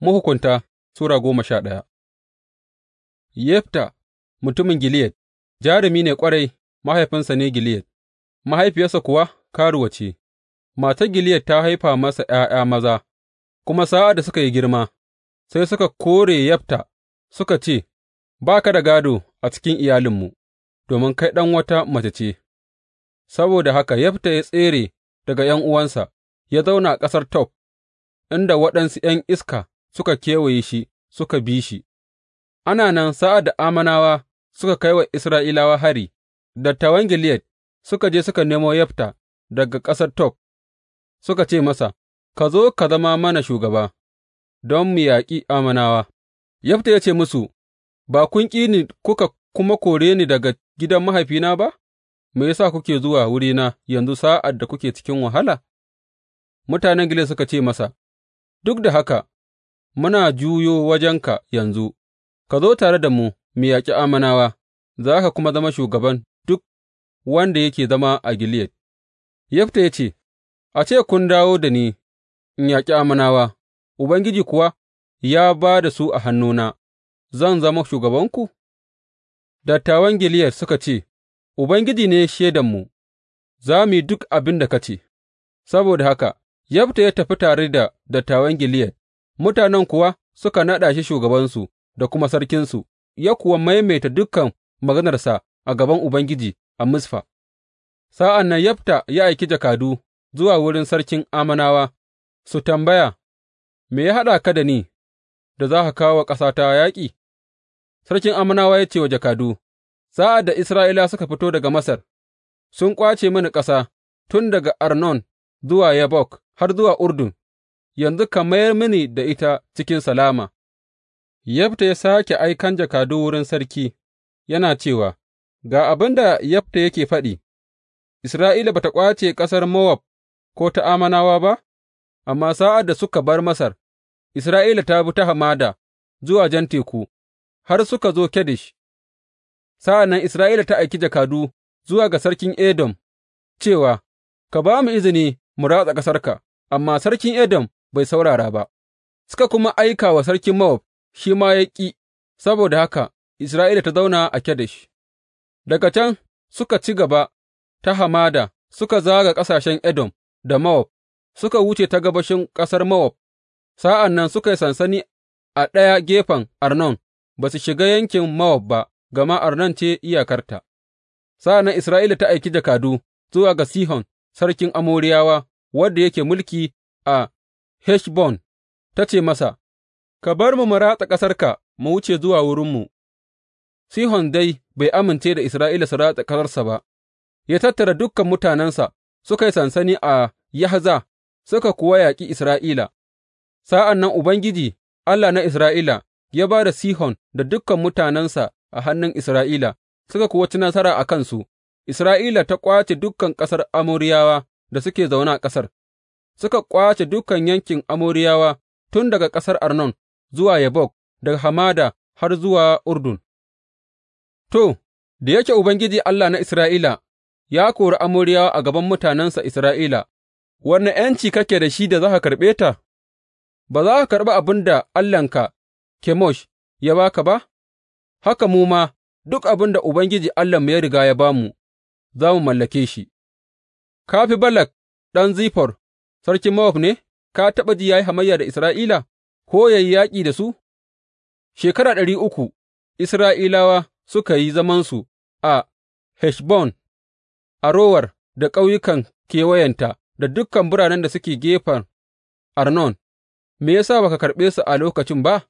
Mahukunta Sura goma sha ɗaya. Yefta mutumin Gileyad jarumi ne ƙwarai, mahaifinsa ne Gileyad, mahaifiyarsa kuwa karuwa ce, matar Gileyad ta haifa masa ’ya'ya maza, kuma sa'ad da suka yi girma, sai suka kore Yefta suka ce, Ba ka da gado a cikin iyalinmu, domin kai ɗan wata mace ce, saboda haka Yefta ya tsere daga ’yan'uwansa ya zauna a ƙasar Tob, inda waɗansu ’yan iska suka kewaye shi suka bi shi, ana nan sa'ad da amanawa suka kai wa Isra'ilawa hari, dattawan Gileyad suka je suka nemo Yefta daga ƙasar Tok. suka ce masa, Ka zo ka zama mana shugaba, don mu yaƙi Ammonawa. Yefta ya ce musu, Ba kun ƙi ni kuka kuma kore ni daga gidan mahaifina ba? Me ya sa kuke zuwa wurina yanzu sa'ad da kuke cikin wahala? Mutanen Gileyad suka ce masa, Duk da haka, Muna juyo wajenka yanzu, ka zo tare da mu mu yaƙi Ammonawa, za ka kuma zama shugaban duk wanda yake zama a Gileyad. Yefta ya ce, A ce kun dawo da ni in yaƙi Ammonawa, Ubangiji kuwa ya ba da su a hannuna, zan zama shugabanku? Dattawan Gileyad suka ce, Ubangiji ne shaidanmu, za mu yi duk abin da ka ce, saboda haka Yefta ya tafi tare da dattawan Gileyad. mutanen kuwa suka naɗa shi shugabansu da kuma sarkinsu, ya kuwa maimaita dukan maganarsa a gaban Ubangiji a Mizfa. Sa'an nan Yefta ya aiki jakadu zuwa wurin sarkin Amanawa, su tambaya, Me ya haɗa ka da ni da za ka kawo wa ƙasata yaƙi? Sarkin Amanawa ya ce wa jakadu, Sa'ad da Isra'ila suka fito daga Masar, sun ƙwace mini ƙasa tun daga Arnon zuwa Yabok har zuwa Urdun, yanzu ka mayar mini da ita cikin salama. Yefta ya sāke aikan jakadu wurin sarki, yana cewa, Ga abin da Yefta yake faɗi, Isra'ila ba ta ƙwace ƙasar Mowab ko ta Amanawa ba, amma sa'ad da suka bar Masar, Isra'ila ta bi ta hamada zuwa jan teku, har suka zo Kedish. Sa'an nan Isra'ila ta aiki jakadu zuwa ga sarkin Edom, cewa, Ka ba mu izini mu ratsa ƙasarka, amma sarkin Edom bai saurara ba, suka kuma aika wa sarkin Mowab shi ma ya ƙi, saboda haka Isra'ila ta zauna a Kadesh. Daga can suka ci gaba ta hamada, suka zaga ƙasashen Edom da Mowab, suka wuce ta gabashin ƙasar Mowab, sa'an nan suka yi sansani a ɗaya gefen Arnon, ba su shiga yankin Mowab ba, gama Arnon ce iyakarta. Sa'an nan Isra'ila ta aiki jakadu zuwa ga Sihon sarkin Amoriyawa, wanda yake mulki a Heshbon ta ce masa, Ka bar mu mu ratsa ƙasarka mu wuce zuwa wurinmu, Sihon dai bai amince da Isra'ila su ratsa ƙasarsa ba, ya tattara dukan mutanensa suka yi sansani a Yahza suka kuwa yaƙi Isra'ila, sa'an nan Ubangiji, Allah na Isra'ila, ya ba da Sihon da dukan mutanensa a hannun Isra'ila, suka kuwa ci nasara a kansu, Isra'ila ta ƙwace dukan ƙasar Amoriyawa da suke zaune a ƙasar. suka ƙwace dukan yankin Amoriyawa tun daga ƙasar Arnon zuwa Yabbok, daga hamada har zuwa Urdun. To, da yake Ubangiji Allah na Isra'ila ya kori Amoriyawa a gaban mutanensa Isra'ila, wanne ’yanci kake da shi da za ka karɓe ta? Ba za ka karɓi abin da Allahnka, Kemosh, ya baka ba? Haka mu ma, duk abin da Ubangiji Allahnmu ya riga ya ba mu, za mu mallake shi. Ka fi Balak ɗan Zifor sarkin Mowab ne, ka taɓa ji ya yi hamayya da Isra'ila, ko ya yi yaƙi da su? Shekara ɗari uku Isra'ilawa suka yi zamansu a Heshbon, a rowar da ƙauyukan kewayenta da dukan biranen da suke gefen Arnon, me ya sa ba ka karɓe su a lokacin ba?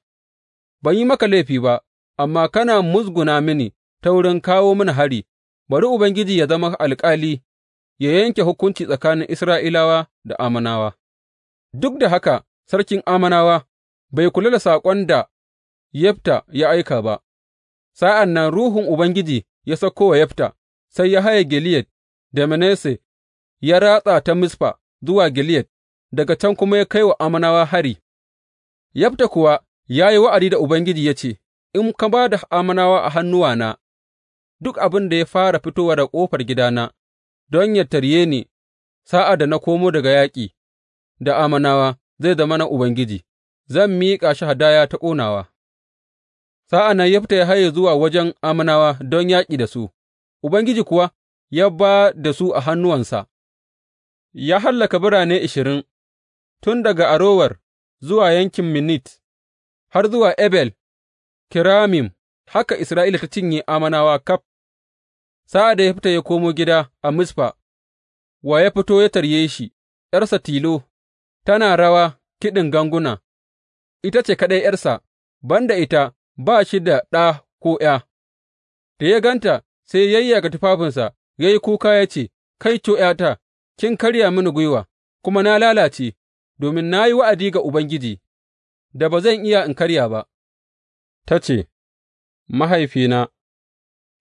Ban yi maka laifi ba, amma kana musguna mini ta wurin kawo mini hari, bari Ubangiji ya zama alƙali, ya yanke hukunci tsakanin Isra'ilawa da Ammonawa Duk da haka sarkin Ammonawa bai kula da saƙon da Yefta ya aika ba, sa'an nan Ruhun Ubangiji ya sauko wa Yefta, sai ya haye Gileyad da Manasse, ya ratsa ta Misfa zuwa Gileyad, daga can kuma ya kai wa Ammonawa hari. Yefta kuwa ya yi wa'adi da Ubangiji ya ce, In ka ba da Ammonawa a hannuwana, duk abin da ya fara fitowa da ƙofar gidana don yă tarye ni Sa'ad da na komo daga yaƙi da Ammonawa zai zama na Ubangiji, zan miƙa shi hadaya ta ƙonawa. Sa'an nan Yefta ya haye zuwa wajen Ammonawa don yaƙi da su, Ubangiji kuwa ya ba da su a hannuwansa, ya hallaka birane ashirin, tun daga Arowar zuwa yankin Minit, har zuwa Ebel, Kiramim, haka Isra'ila ta cinye Ammonawa kaf. Sa'ad da Yefta ya komo gida a Mizfa, wa ya fito ya tarye shi, ’yarsa tilo, tana rawa kiɗin ganguna, ita ce kaɗai ’yarsa, ban da ita ba shi da ɗa ko ’ya. Da ya ganta, sai ya yayyaga tufafinsa, ya yi kuka ya ce, kai Kaito, ’yata, kin karya mini gwiwa, kuma na lalace, domin na yi wa'adi ga Ubangiji, da ba zan iya in karya ba. Ta ce, Mahaifina,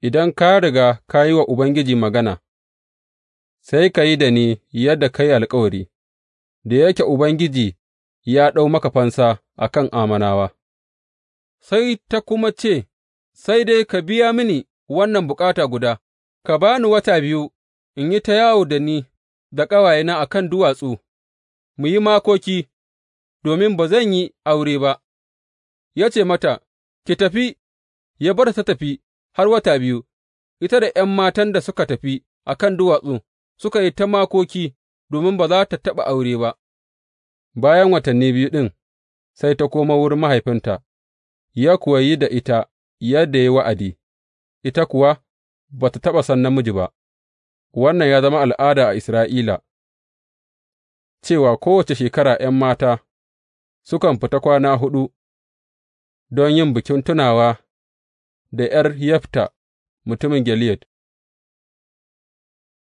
idan ka riga ka yi wa Ubangiji magana, sai ka yi da ni yadda ka yi alkawari, da yake Ubangiji ya ɗau maka fansa a kan amanawa. Sai ta kuma ce, Sai dai ka biya mini wannan bukata guda, ka ba ni wata biyu in yi ta yawo da ni da ƙawayena a kan duwatsu, mu yi makoki, domin ba zan yi aure ba. Ya ce mata, Ki tafi, ya bar ta tafi har wata biyu, ita da ’yan matan da suka tafi a kan duwatsu. Suka yi ta makoki domin ba za ta taɓa aure ba, bayan watanni biyu ɗin sai ta koma wurin mahaifinta, ya kuwa yi da ita yadda ya yi wa'adi, ita kuwa ba ta taɓa san namiji ba, wannan ya zama al'ada a Isra'ila, cewa kowace shekara ’yan mata sukan fita kwana huɗu don yin bikin tunawa da ’yar Yefta mutumin Gileyad.